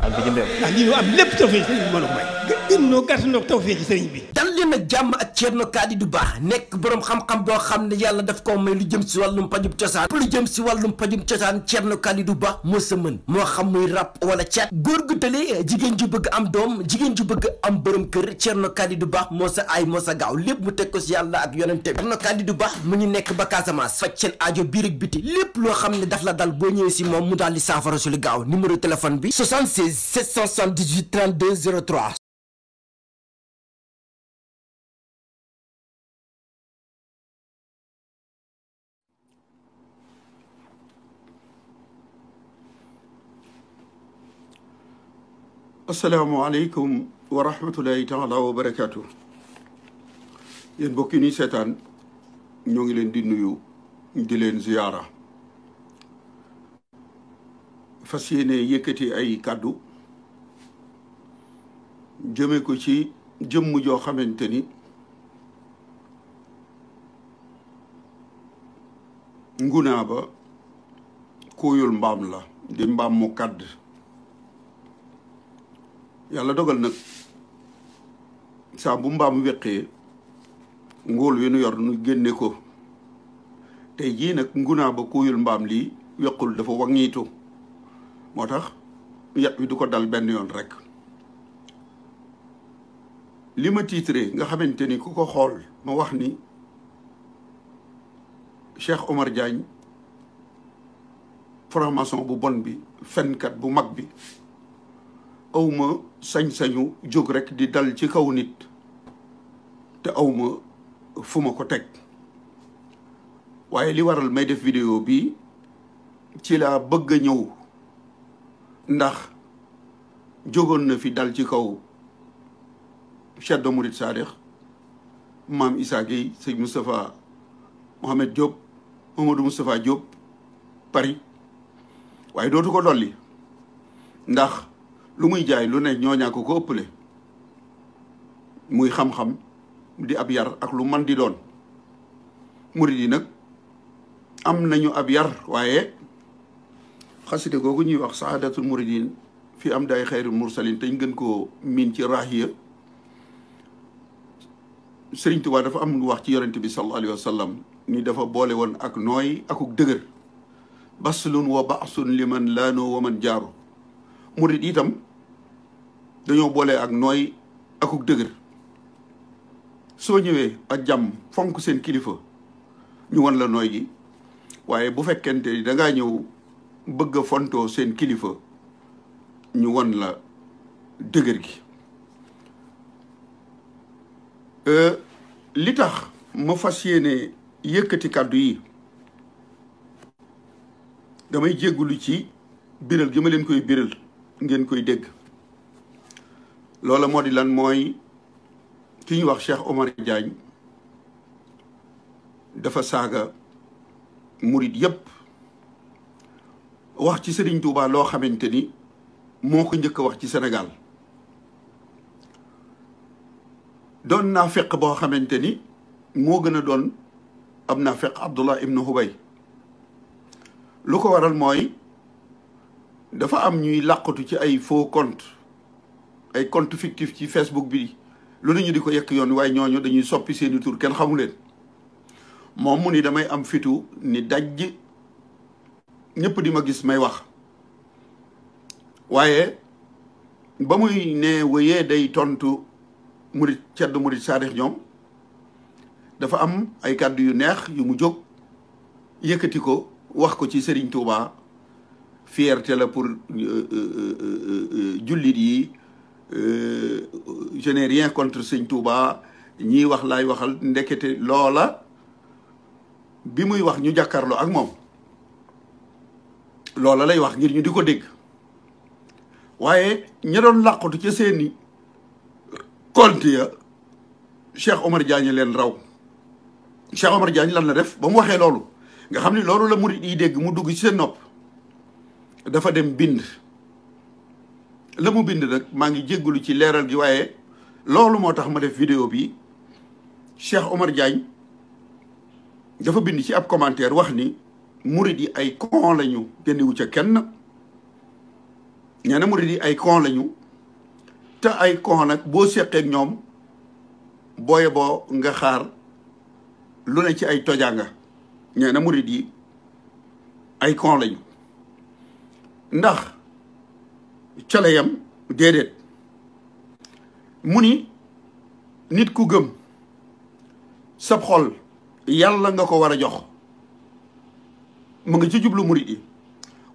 ak bitim réew. waaw lii ñu am lépp tawfeex sëriñ bi mën a may. gën noo gàtt noo tawfeex ak jàmm ak Ceerno Kaalidu Ba nekk boroom xam-xam boo xam ne yàlla daf ko may lu jëm si wàllum pajum cosaan lu jëm si wàllum pajum cosaan Ceerno Kaalidu Ba moo sa mën moo xam muy rab wala cat góor gu tëlee jigéen ju bëgg am doom jigéen ju bëgg am borom kër Ceerno Kaalidu Ba moo sa aay moo sa gaaw lépp mu teg ko si yàlla ak yonente bi Ceerno Kaalidu Ba mu ngi nekk ba Casamance faj seen aajo biir ak biti lépp loo xam ne daf la dal boo ñëwee si moom mu daal di saafara su lu gaaw numéro téléphone bi c'est 778 32 03. asalaamaaleykum wa rahmatulahi taala wa barakaatu yéen mbokk yi ñuy seetaan ñoo ngi leen di nuyu di leen ziyaara fas yéene yëkkati ay kàddu jëme ko ci jëmm joo xamante ni ngunaa ba kóoyul mbaam la di mbaam mu kàdd yàlla dogal nag saa bu mbaam weqee nguul wi nu yor nu génne ko te jii nag ngunaa ba kóoyul mbaam lii wequl dafa waŋiitu moo tax yat wi du ko dal benn yoon rek li ma tiitre nga xamante ni ku ko xool ma wax ni Cheikh Omar Diagne franc bu bon bi fenkat bu mag bi awma sañ-sañu jóg rekk di dal ci kaw nit te awma fu ma ko teg waaye li waral may def vidéo bi ci laa bëgg a ñëw ndax jógoon na fi dal ci kaw Chadda Mourid Sadikh maam Issa Gueye sëñ Moustapha Mohamed Diop Mamadou Moustapha Diop Paris waaye dootu ko dolli ndax lu muy jaay lu ne ñooñaa ko ko ëppale muy xam-xam di ab yar ak lu man di doon murid yi nag am nañu ab yar waaye xaside googu ñuy wax saadatul muridin fi am day xayrul mursalin te ñu gën ko miin ci raahiya Sëriñ Tuubaa dafa am wax ci yonent bi sallallahu alayhi wa sallam ni boole woon ak nooy akuk dëgër baslun wa baasun li man laanoo wa man jaaru murid itam dañoo boole ak nooy akuk dëgër soo ñëwee ak jàmm fonk seen kilifa ñu won la nooy gi waaye bu fekkente ni dangaa ñëw bëgg fontoo seen kilifa ñu won la dëgër gi euh, li tax ma fas yéene yëkkati kàddu yi damay jéggulu ci biral gi ma leen koy biral ngeen koy dégg loola moo di lan mooy ki ñu wax Cheikh Omar jaañ dafa saaga murit yépp wax ci Serigne Touba loo xamante ni moo ko njëkk a wax ci Sénégal doon naa feq boo xamante ni moo gën a doon am naa feq Abdullah ibnu Hubay lu ko waral mooy dafa am ñuy làqatu ci ay faux compte ay compte fictif ci Facebook bi lu nañu di ko yekk yoon waaye ñooñu dañuy soppi seeni tur kenn xamu leen moom mu ni damay am fitu ni dajj ñëpp di ma gis may wax waaye ba muy ne wéyee day tontu murit ceddu murit saadix ñoom dafa am ay kàddu yu neex yu mu jóg yëkkati ko wax ko ci Serigne Touba fierté la pour euh, euh, euh, jullit yi je n'ai rien contre Serigne Touba ñiy wax lay waxal ndekete loola bi muy wax ñu jàkkaarloo ak moom loola lay wax ngir ñu di ko dégg waaye ña doon làqatu ca seeni compte ya Cheikh Omar Diagne leen raw Cheikh Omar Diagne lan la def ba mu waxee loolu nga xam ni loolu la murid yi dégg mu dugg ci seen nopp dafa dem bind la mu bind nag maa ngi jéggalu ci leeral gi waaye loolu moo tax ma def vidéo bi Cheikh Omar Diagne dafa bind ci ab commentaire wax ni murid yi ay con lañu génnewu ca kenn nee na murid yi ay con lañu te ay con nag boo seqeek ñoom booye boo nga xaar lu ne ci ay tojaanga nee na murid yi ay con lañu ndax ca la yam déedéet mu ni nit ku gëm sab xol yàlla nga ko war a jox mu ngi ci jublu murit yi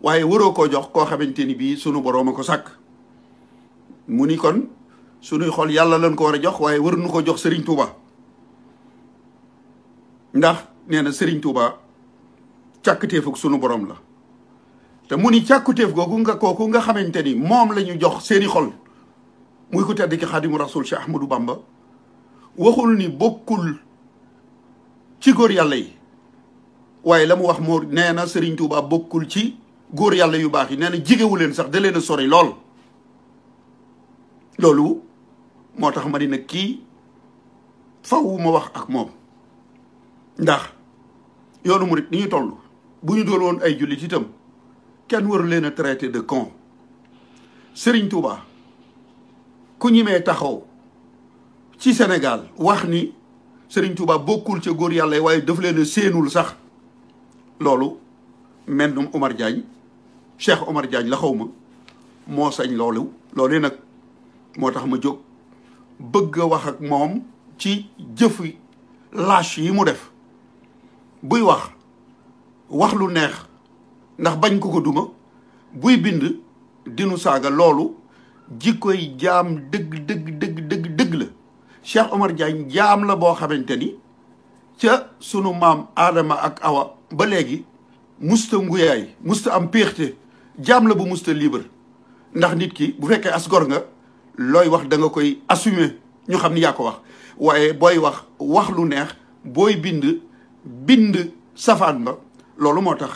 waaye waroo koo jox koo xamante ni bii sunu boroom a ko sàkk mu ni kon sunuy xol yàlla lañ ko war a jox waaye waruñu ko jox Serigne Touba ndax nee na Serigne Touba càkkutéefuk sunu boroom la te mu ni càkkutéef googu nga kooku nga xamante ni moom la ñu jox seeni xol muy ko tedd ki xaadimu rasul Cheikh Ahmadou Bamba waxul ni bokkul ci góor yàlla yi waaye la mu wax moo nee na Serigne Touba bokkul ci góor yàlla yu baax yi nee na jigewu leen sax da leen a sori lool loolu moo tax ma di nag kii faw ma wax ak moom ndax yoonu murit ni ñu toll bu ñu doon woon ay jullit itam kenn waru leen a traité de con sëriñ Touba ku ñimee taxaw ci senegal wax ni Serigne Touba bokkul ca góor yàlla yi waaye daf leen a séenul sax loolu mennum Omar Diagne Cheikh Omar Diagne la xaw moo sañ loolu loole nag moo tax ma jóg bëgg a wax ak moom ci jëfi lâche yi mu def buy wax wax lu neex ndax bañ ko ko duma buy bind dinu saaga loolu jikkoy jaam dëgg dëgg dëgg dëgg dëgg la Cheikh Omar jaam la boo xamante ni ca sunu maam aadama ak Awa ba léegi musta nguyaay musta am péexte jaam la bu musta libre ndax nit ki bu fekkee as gor nga looy wax danga koy assumer ñu xam ni yaa ko wax waaye booy wax wax lu neex booy bind bind safaan ba loolu moo tax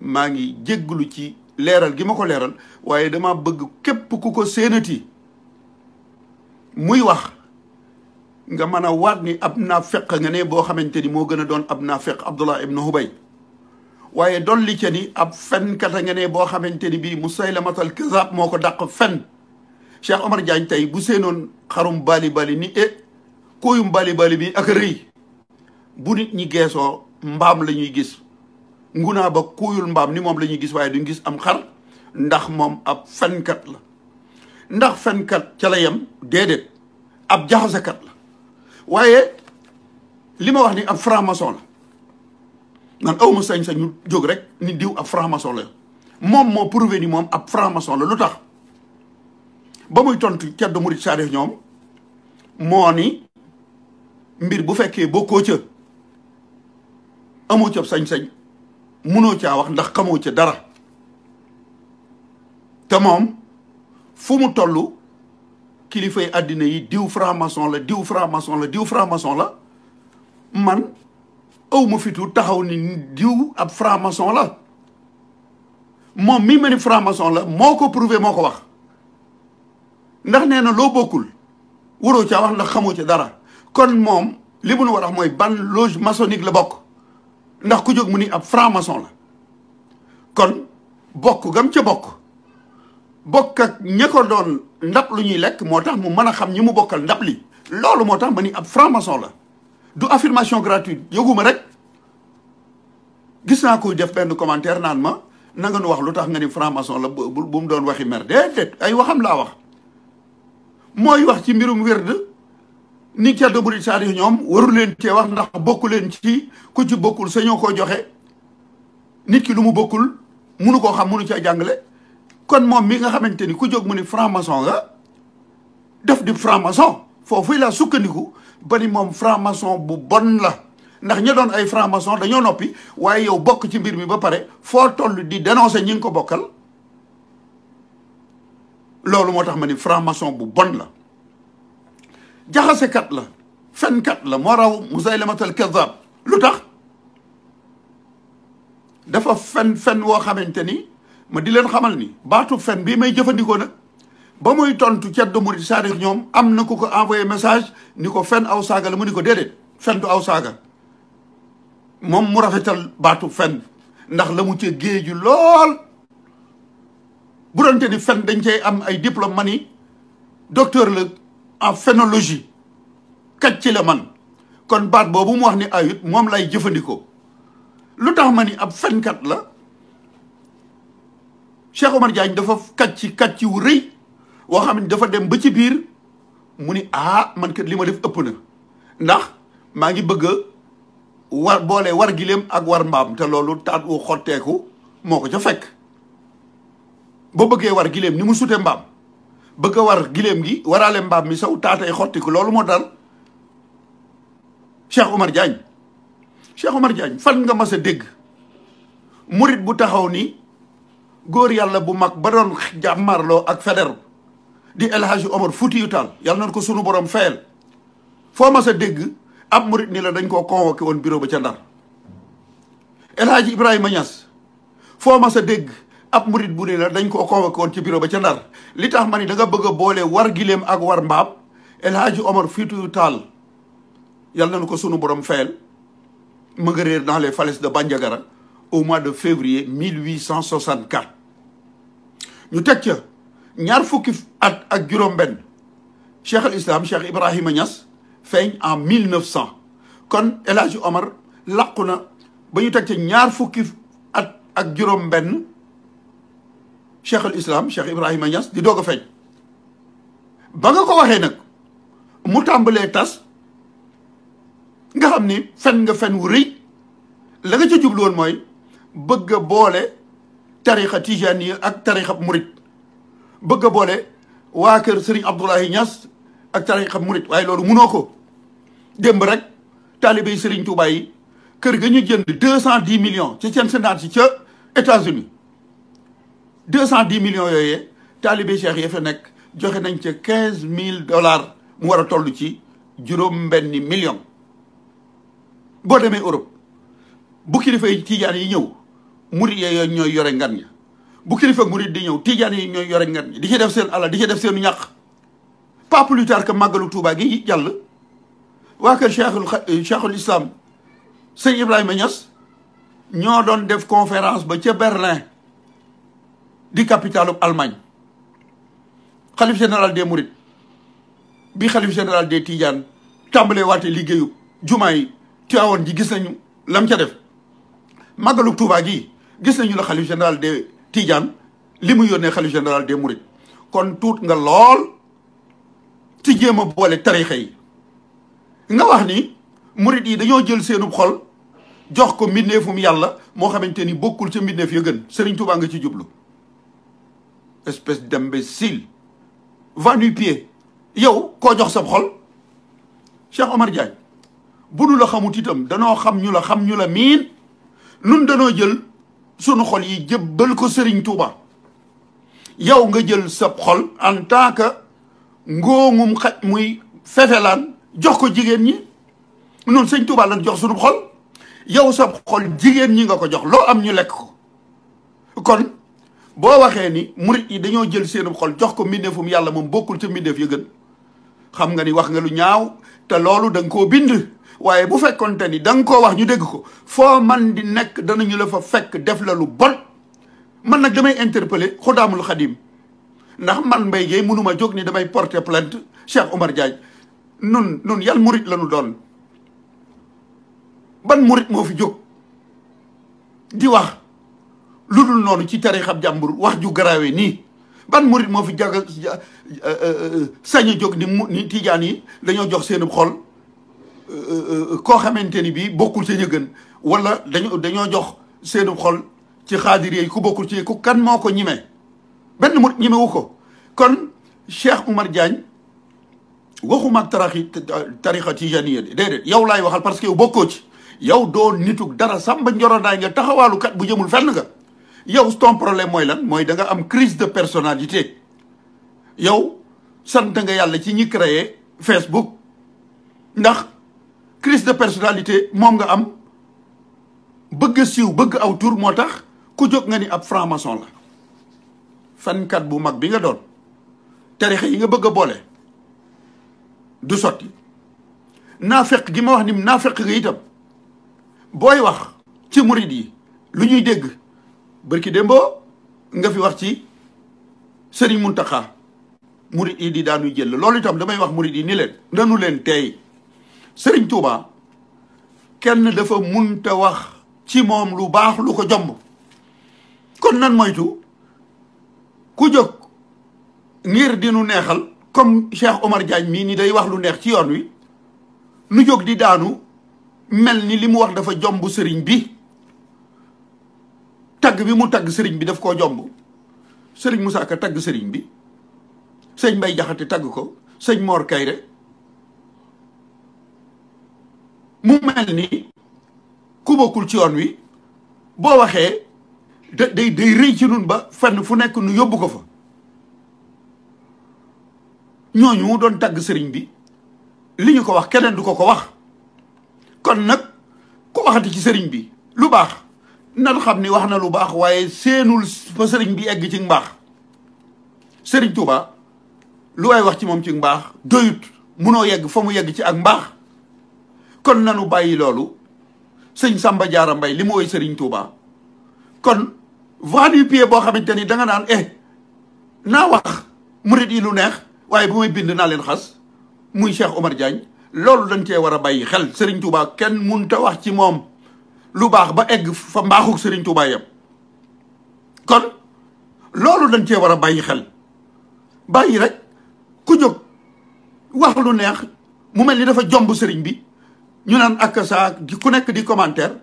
maa ngi jégglu ci leeral gi ma ko leeral waaye dama bëgg képp ku ko séenati muy wax nga mën a waat ni ab naafeq nga ne boo xamante ni moo gën a doon ab naafeq Abdullah ibn Hubay waaye doon ca ni ab fenkat nga ne boo xamante ni bii Musaylamatal kazaab moo ko dàq fen Cheikh Omar Diagne tey bu seenoon xarum bali bali ni e kooyum bali bali bi ak rëy bu nit ñi geesoo mbaam la ñuy gis ngunaa ba kooyul mbaam ni moom la ñuy gis waaye duñ gis am xar ndax moom ab fenkat la ndax fenkat ca la yem déedéet ab jaxasekat waaye li ma wax ni ab franc-maçon la man awma sañ-sañ ñu jóg rek ni diw ab franc-maçon la moom moo prouvé ni moom ab franc la lu tax ba muy tontu ceddo murit saadix ñoom moo ni mbir bu fekkee bokkoo ca amoo ca sañ-sañ munoo caa wax ndax xamoo ca dara te moom fu mu toll kilifay àddina yi diw franc-maçon la diw franc-maçon la diw franc la man awma ma taxaw ni diw ab franc-maçon la moom mii ma ni franc-maçon la moo ko prouvé moo ko wax ndax nee na loo bokkul waroo caa wax ndax xamoo ci dara kon moom li mu nu war a mooy ban loge maçonnique la bokk ndax ku jog mu ni ab franc-maçon la kon bokk gam ca bokk bokk ak ña ko doon ndab lu ñuy lekk moo tax mu mën a xam ñi mu bokkal ndab li loolu moo tax ma ni ab franc la du affirmation gratuite yëguma rek gis naa kuy def benn commentaire naan ma nanga nu wax lu tax nga ni franc-maçon la bu mu doon waxi mer déedéet ay waxam laa wax mooy wax ci mbirum wérd ni caddo burit saar yi ñoom waru leen cee wax ndax bokku leen ci ku ci bokkul ñoo koo joxe nit ki lu mu bokkul munu koo xam munu caa jàngale kon moom mi nga xamante ni ku jóg mu ni franc-maçon nga def di franc-maçon laa sukkandiku ba ni moom franc-maçon bu bon la ndax ña doon ay franc dañoo noppi waaye yow bokk ci mbir mi ba pare foo toll di dénoncer ñi ngi ko bokkal loolu moo tax ma ni franc-maçon bu bon la jaxasekat la fenkat la moo raw Musaylamatul Kazzab lu tax dafa fen fen woo xamante ni ma di leen xamal ni baatu fen bii may jëfandikoo nag ba muy tontu Ceddo Murid Saadix ñoom am na ku ko envoyé message ni ko fen aw saaga la mu ni ko déedéet fen du aw saaga moom mu rafetal baatu fen ndax la mu ci géeju lool bu doonte ni fen dañ cay am ay diplôme man yi docteur la en phénologie kaj ci la man kon baat boobu mu wax ni ayut moom lay jëfandikoo lu tax ma ni ab fenkat la Cheikh Omar Diagne dafa kàcc kàcc wu rëy woo xam ne dafa dem ba ci biir mu ni ah man kër li ma def ëpp na ndax maa ngi bëgg a war boole war gileem ak war mbaam te loolu taat wu xotteeku moo ko ca fekk boo bëggee war gileem ni mu sutee mbaam bëgg a war gileem gi waraale mbaam mi saw taatay xottiku loolu moo dal Cheikh Omar Diagne Cheikh Omar Diagne fan nga mas a dégg murit bu taxaw ni góor yàlla bu mag ba doon jàmmarloo ak Faidherbe di El Hadji Omar Foutiyou Tall yàlla nañ ko sunu borom fayal foo ma sa dégg ab morit ni la dañ koo convoqué woon bureau ba ca Ndar El Hadji foo ma sa dégg ab murit bu ni la dañ koo convoqué ci bureau ba ca Ndar li tax ma ni danga nga bëgg a boole war gileem ak war mbaam El Hadji Omar Foutiyou Tall yàlla nañ ko sunu borom fayal ma nga réer dans les falaises de Bandiagara au mois de février 1864 ñu teg ca ñaar fukki at ak juróom-benn cheikh al islam cheikh Ibrahima Niass feeñ en mille 1900 kon El Omar làqu na ba ñu teg ca ñaar fukki at ak juróom-benn cheikh al islam cheikh Ibrahima di doog a feeñ. ba nga ko waxee nag mu tàmbalee tas nga xam ni fen nga fen wu rëy la ca jublu mooy bëgga boole. tarixa tijaani ak tarixa murit bëgg a boole waa kër Serigne Abdoulaye ñas ak tarixa murit waaye loolu munoo ko démb rek taalibey Serigne Touba yi kër ga ñu jënd deux cent dix millions ci seen sénaat si ca États-Unis deux cent dix millions yooyee taalibey cheikh ya fa nekk joxe nañ ca quinze mille dollars mu war a toll ci juróom benni million boo demee Europe bu kilifa yi tijaan yi ñëw murit yooyu ñooy yore ngan ña bu kilifa murit di ñëw tiijaan yi ñooy yore ngan ña di ci def seen alal di ci def seenu ñàq pas plus tard que màggalu Touba gi jàll waa kër cheikhul euh, cheikhul islam sëñ Ibrahima Niass ñoo doon def conférence ba ca Berlin di capitalu Allemagne xalif général des Mourides bi xalif général des Tidiane tàmbalee waate liggéeyu jumaa yi Tiwaawan ji gis nañu lam ca def màggalu tuubaa gi gis nañu la xalif général de Tidiane li mu yónnee xalif général de Mourides kon tuut nga lool ci jéem a boole tarixa yi nga wax ni murit yi dañoo jël seenub xol jox ko mbindeefum yàlla moo xamante ni bokkul ca mbindeef yoo gën Serigne Touba nga ci jublu espèce d'imbécile va nu pied yow koo jox sab xol Cheikh Omar Diagne bu nu la xamut itam danoo xam ñu la xam ñu la miin nun danoo jël sunu xol yi jébbal ko sëriñ Touba yow nga jël sab xol en tant que ngóomum xaj muy fefelaan jox ko jigéen ñi noonu sëñ Touba lan jox sunu xol yow sa xol jigéen ñi nga ko jox loo am ñu lekk ko kon boo waxee ni murit yi dañoo jël seenum xol jox ko mbindeefum yàlla moom bokkul ca mbindeef ya gën xam nga ni wax nga lu ñaaw te loolu da nga koo bind waaye bu fekkonte ni da nga koo wax ñu dégg ko foo man di nekk danañu la fa fekk def la lu bon man nag damay interpeller xudaamul xadim ndax man Mbaye Guèye mënuma jóg ni damay porter plainte Cheikh Omar Diagne nun nun yal murit la ñu doon ban murit moo fi jóg di wax lu dul noonu ci tarixab jàmbur wax ju garaawe nii ban murit moo fi jaga euh, euh, sañ jóg ni mu yi dañoo jox seen xol Euh, euh, koo xamante ni bii bokkul ca ña gën wala dañu dañoo jox seenu xol ci xaadir yi ku bokkul ci ku kan moo ko ñime benn mu ñimewu ko kon Cheikh Oumar Diagne waxuma ak taraxi tarixa tijaniyya déedéet yow laay waxal parce que bokkoo ci yow doo nituk dara sàmba njorodaay nga taxawaalu kat bu jëmul fenn nga yow ton problème mooy lan mooy da nga am crise de personnalité yow sant nga yàlla ci ñi créé Facebook ndax crise de personalité moom nga am bëgg siiw bëgg aw tur moo tax ku jóg nga ni ab franc-maçon la fenkat bu mag bi nga doon tarixe yi nga bëgg a boole du sotti naafeq gi ma wax ni naafeq nga itam booy wax ci murid yi lu ñuy dégg bërki démboo nga fi wax ci Sëriñ Muntaxa murid yi di daanuy jël loolu itam damay wax murid yi ni leen nanu leen tey sëriñ Touba kenn dafa te wax ci moom lu baax lu ko jomb kon nan moytu ku jóg ngir di nu neexal comme Cheikh Omar Diagne mii ni day wax lu neex ci yoon wi nu jóg di daanu mel ni li mu wax dafa jomb sëriñ bi tagg bi mu tagg sëriñ bi daf koo jomb sëriñ mu Ka tagg sëriñ bi sëñ Mbay Jaxate tagg ko sëñ moor Kayre mu mel ni ku bokkul ci yoon wi boo waxee da day day rëy ci nun ba fenn fu nekk nu yóbbu ko fa ñooñu doon tagg sëriñ bi li ñu ko wax keneen du ko ko wax kon nag ku waxati ci sëriñ bi lu baax nan xam ni wax na lu baax waaye seenul fa sëriñ bi egg ci mbaax sëriñ Tuuba lu waay wax ci moom ci mbaax doyut noo yegg fa mu yegg ci ak mbaax kon nanu bàyyi loolu sëñ Samba Diarra mbay li mu woy Serigne Touba kon voix du pied boo xamante ni da nga naan eh naa wax murit yi lu neex waaye bu may bind naa leen xas muy Cheikh Omar Diagne loolu dañ cee war a bàyyi xel Serigne Touba kenn munta wax ci moom lu baax ba egg fa mbaaxuk Serigne Touba yam kon loolu dañ cee war a bàyyi xel bàyyi rek ku jóg wax lu neex mu mel ni dafa jomb sëriñ bi ñu naan ak saa ku nekk di commentaire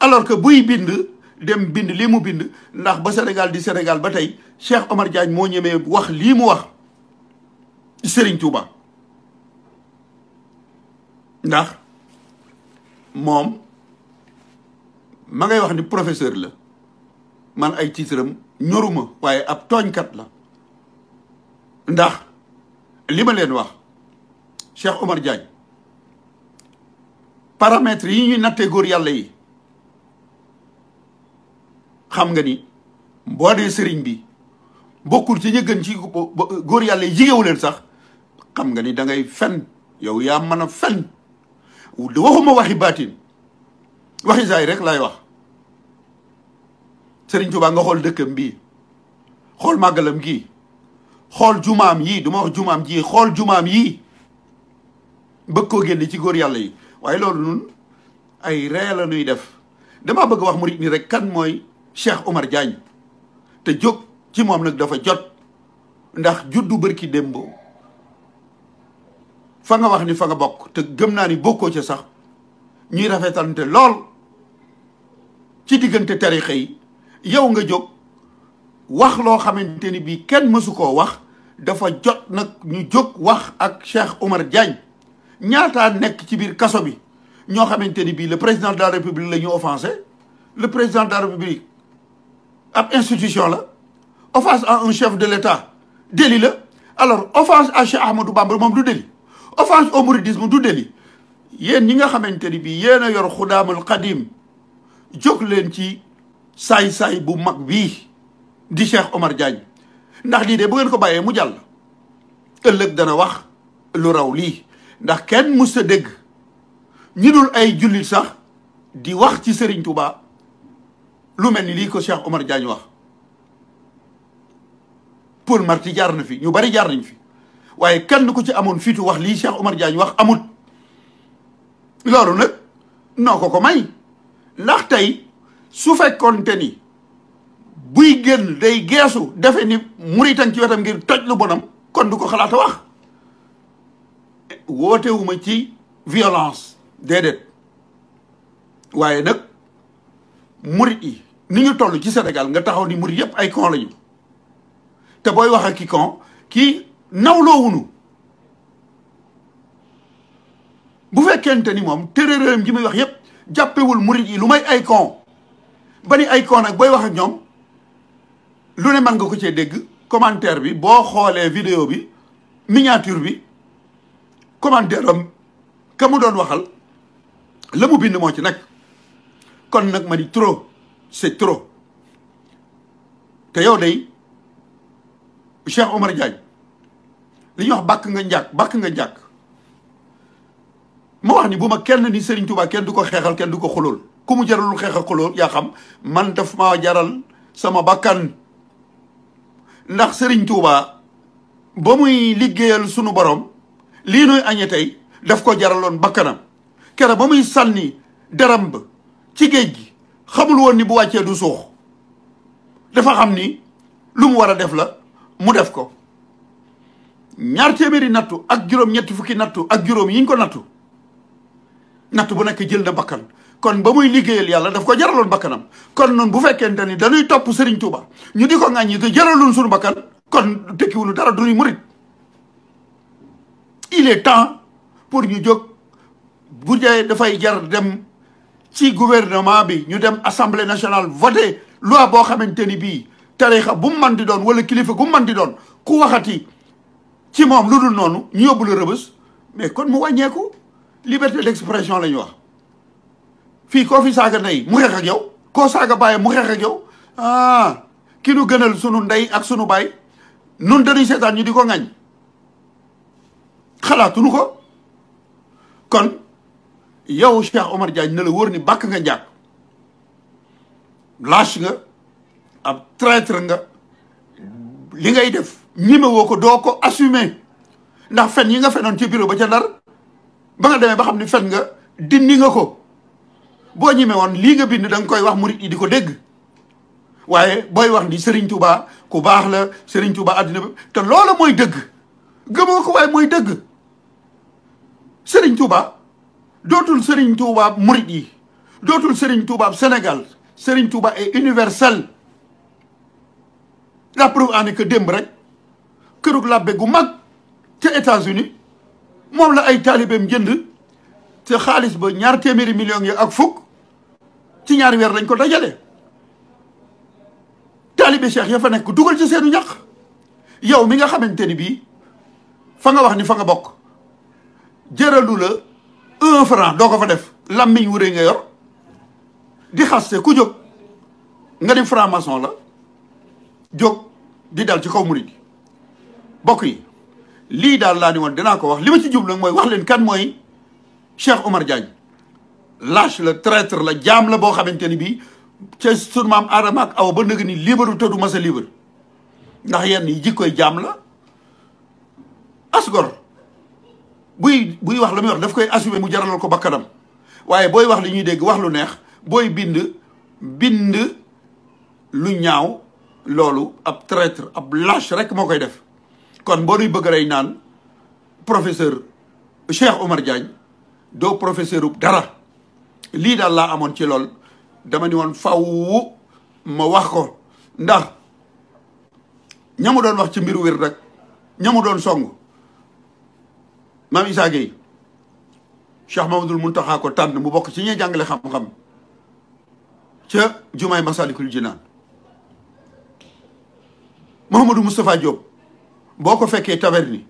alors que buy bind dem bind lii mu bind ndax ba Sénégal di Sénégal ba tey Cheikh Omar Diagne moo ñemee wax lii mu wax Serigne Touba ndax moom ma ngay wax ni professeur la man ay tiitram ñoruma waaye ab tooñkat la ndax li ma leen wax Cheikh Omar Diagne parametre yi natte nattee góor yàlla yi xam nga ni boo dee sëriñ bi bokkul ci ñi gën ci góor yàlla yi jigéewu leen sax xam nga ni dangay fen yow yaa mën a fen waxuma waxi baatin waxi saay rek laay wax sëriñ Tuubaa nga xool dëkkam bi xool màggalam gi xool jumaam yii du ma wax jumaam ji xool jumaam yi bëgg koo génne ci góor yàlla yi waaye loolu nun ay ree la nuy def dama bëgg wax murit ni rek kan mooy Cheikh Omar Diagne te jóg ci moom nag dafa jot ndax juddu bërki démboo fa nga wax ni fa nga bokk te gëm naa ni bokkoo ca sax ñuy rafetalante lool ci diggante tarixa yi yow nga jóg wax loo xamante ni bii kenn mësu koo wax dafa jot nag ñu jóg wax ak Cheikh Omar Diagne ñaata nekk ci biir kaso bi ñoo xamante ni bii le président de la république la ñu offensé le président de la république ab institution la offense à un chef de l'état délit la alors offense à Cheikh Ahmadou Bamba moom du délit offense au mouridisme du délit yéen ñi nga xamante ni bii yéen a yor xudaamul xadim jóg leen ci saay-saay bu mag bii di Cheikh Omar Diagne ndax lii de bu ngeen ko bàyyee mu jàll ëllëg dana wax lu raw lii ndax kenn mus a dégg ñi dul ay jullit sax di wax ci Serigne Touba lu mel ni lii ko Cheikh Omar Diagne wax Paul Marty jaar na fi ñu bari jaar nañ fi waaye kenn ku ci amoon fitu wax lii Cheikh Omar jaañ wax amut loolu nag noo ko ko may ndax tey su fekkoonte ni buy génn day geesu defe ni muritan ci wetam ngir toj lu bonam kon du ko xalaata wax wootewuma ci violence déedéet waaye nag murit yi ni ñu toll ci senegal nga taxaw ni murit yëpp ay kon lañu te booy wax ak ki kon kii nawloowunu bu fekkente ni moom téréréem ji muy wax yépp jàppewul murit yi lu may ay kon ba ni ay kon nag booy wax ak ñoom lu ne mën nga ko cee dégg commentaire bi boo xoolee vidéo bi miniature bi commentaire am ka mu doon waxal la mu bind moo ci nekk kon nag ma ni trop c'est trop te yow day Cheikh Omar Diagne li ñuy wax bàkk nga njàkk bàkk nga njàkk ma wax ni bu ma kenn ni Serigne Touba kenn du ko xeexal kenn du ko xulool ku mu jaralul xeex a xulool yaa xam man daf ma jaral sama bakkan ndax Serigne Touba ba muy liggéeyal sunu borom lii nuy añe tey daf ko jaraloon bakkanam kere ba muy sànni deram ba ci géej gi xamul woon ni bu wàccee du suux dafa xam ni lu mu war a def la mu def ko ñaar téeméeri nattu ak juróom ñetti fukki nattu ak juróom yiñ ko nattu nattu bu nekk jël na bakkan kon ba muy liggéeyal yàlla daf ko jaraloon bakkanam kon noon bu fekkente ni dañuy topp Serigne Touba ñu di ko ñi te jaraloon suñu bakkan kon tekkiwunu dara duñuy murit il est temps pour ñu jóg bu dee dafay jar dem ci gouvernement bi ñu dem assemblée nationale voté loi boo xamante ni bii tarixa bu mu mën di doon wala kilifa gu mu di doon ku waxati ci moom lu dul noonu ñu yóbbu la rëbës mais kon mu wàññeeku liberté d'expression la ñu wax fii koo fi saaga ndey mu xeex ak yow koo saaga bàyyi mu xeex ak yow ah, ki nu gënal sunu ndey ak sunu baay nun dañuy seetaan ñu di ko ŋañ xalaatuñu ko kon yow Cheikh Omar Diagne ne la wóor ni bàkk nga njàkk lâche nga ab traître nga li ngay def ñime woo ko doo ko assumer ndax fen yi nga fenoon ci bureau ba ca Ndar ba nga demee ba xam ni fen nga dindi nga ko boo ñime woon lii nga bind danga koy wax murit yi di ko dégg waaye booy wax ni sëriñ Touba ku baax la sëriñ Touba àddina bi te loola mooy dëgg gëmoo ko waaye mooy dëgg sëriñ Touba dootul sëriñ Touba murit yi dootul Serigne Touba Sénégal Serigne Touba est universel la preuve en est démb rek kërug làbbe gu mag ca États-Unis moom la ay taalibeem jënd te xaalis ba ñaar téeméeri million yi ak fukk ci ñaari weer lañ ko dajale taalibe cheikh ya fa nekk dugal ci seenu ñaq yow mi nga xamante ni bii fa nga wax ni fa nga bokk jëralu la un franc doo ko fa def lammiñ wuree nga yor di xaste ku jóg nga ni franc-maçon la jóg di dal ci kaw murid bokk yi lii daal laa ni woon dinaa ko wax li ma ci jublu nag mooy wax leen kan mooy Cheikh Omar Diagne lâche la traître la jaam la boo xamante ni bii ca sunu maam Adama Awa ba nëgg ni libre te du mas a ndax yenn yi jikkoy jaam la as buy buy wax la muy wax daf koy assumer mu jaralal ko bakkanam waaye booy wax li ñuy dégg wax lu neex booy bind bind lu ñaaw loolu ab traitre ab lâche rek moo koy def kon boo nuy bëgg rey naan professeur Cheikh Omar Diagne doo professeur dara lii daal laa amoon ci lool dama ni woon faw ma wax ko ndax ñamu doon wax ci mbiru wér rek ñamu doon song maam Issa Gueye Cheikh Mamadul Muntaxa ko tànn mu bokk ci ñuy jàngale xam-xam ca jumaay Masalikul Jinaan Mouhamadou Moustapha Diop boo ko fekkee taverni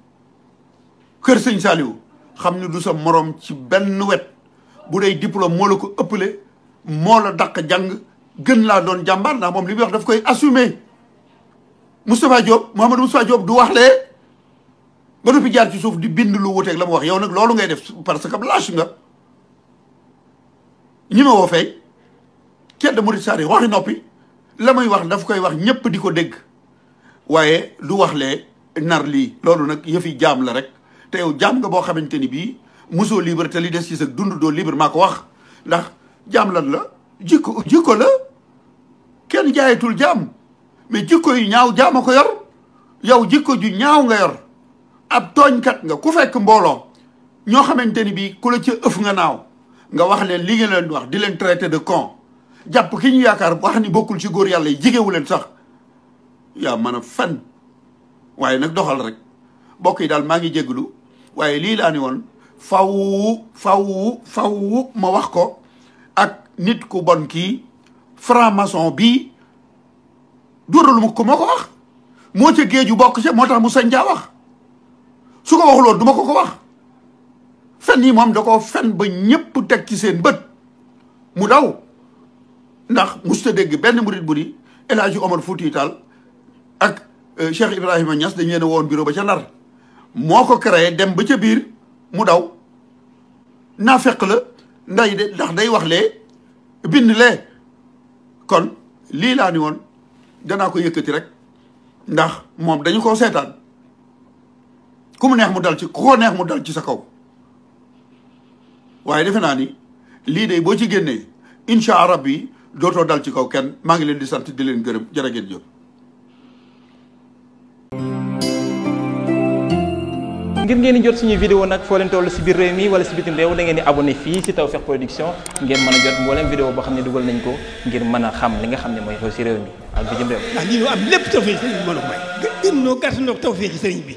kër sëñ Saliou xam ni du sa morom ci benn wet bu dee diplôme moo la ko ëppale moo la dàq jàng gën laa doon jàmbaar ndax moom li muy wax daf koy assumer Moustapha Diop Mouhamadou Moustapha Diop du wax lee ba noppi jaar ci suuf di bind lu wuteeg la mu wax yow nag loolu ngay def parce que lâche nga ñi ma woo fay cedd murit saari waxi noppi la muy wax daf koy wax ñëpp di ko dégg waaye du wax lee nar lii loolu nag yëfi jaam la rek te yow jaam nga boo xamante ni bii mosoo libre te li des ci sa dund doo libre maa ko wax ndax jaam lan la jikko jikko la kenn jaayatul jaam mais jikko yu ñaaw jaam ko yor yow jikko ju ñaaw nga yor ab tooñkat nga ku fekk mbooloo ñoo xamante ni bii ku la ci ëf nga naaw nga wax leen li ngeen leen wax di leen traité de con jàpp ki ñu yaakaar wax ni bokkul ci góor yàlla yi jigewu leen sax yaa mën a fen waaye nag doxal rek mbokk yi daal maa ngi jéglu waaye lii laa ni woon faw faw faw ma wax ko ak nit ku bon kii framason maçon bii dural mu ko moo ko wax moo ca géeju bokk ca moo tax mu sañ jaa wax su ko waxuloon du ma ko ko wax fen yi moom da ko fen ba ñëpp teg ci seen bët mu daw ndax musta dégg benn murit bu ni El Hadji Fouti Tall ak euh, Cheikh Ibrahima Niass dañu leen a woon biro ba ca Ndar moo ko créé dem ba ca biir mu daw naa fekk la nday de ndax day wax lee bind lee kon lii laa woon danaa ko yëkkati rek ndax moom dañu ko seetaan ku mu neex mu dal ci koo neex mu dal ci sa kaw waaye defe naa ni lii de boo ci génnee incha allah bi dootoo dal ci kaw kenn maa ngi leen di sant di leen gërëm jërë ngeen jëf. ngir ngeen di jot suñu vidéo nag foo leen toll si biir réew mi ngeen di abonné fii si Tawfekh Production ngeen mën a jot mboolem vidéo boo xam ne dugal nañ ko ngir mën a xam li nga xam ne mooy xew si réew mi ak bitim réew. am lépp Tawfekh sëriñ bi mën a may. gën noo gàtt noo Tawfekh sëriñ bi.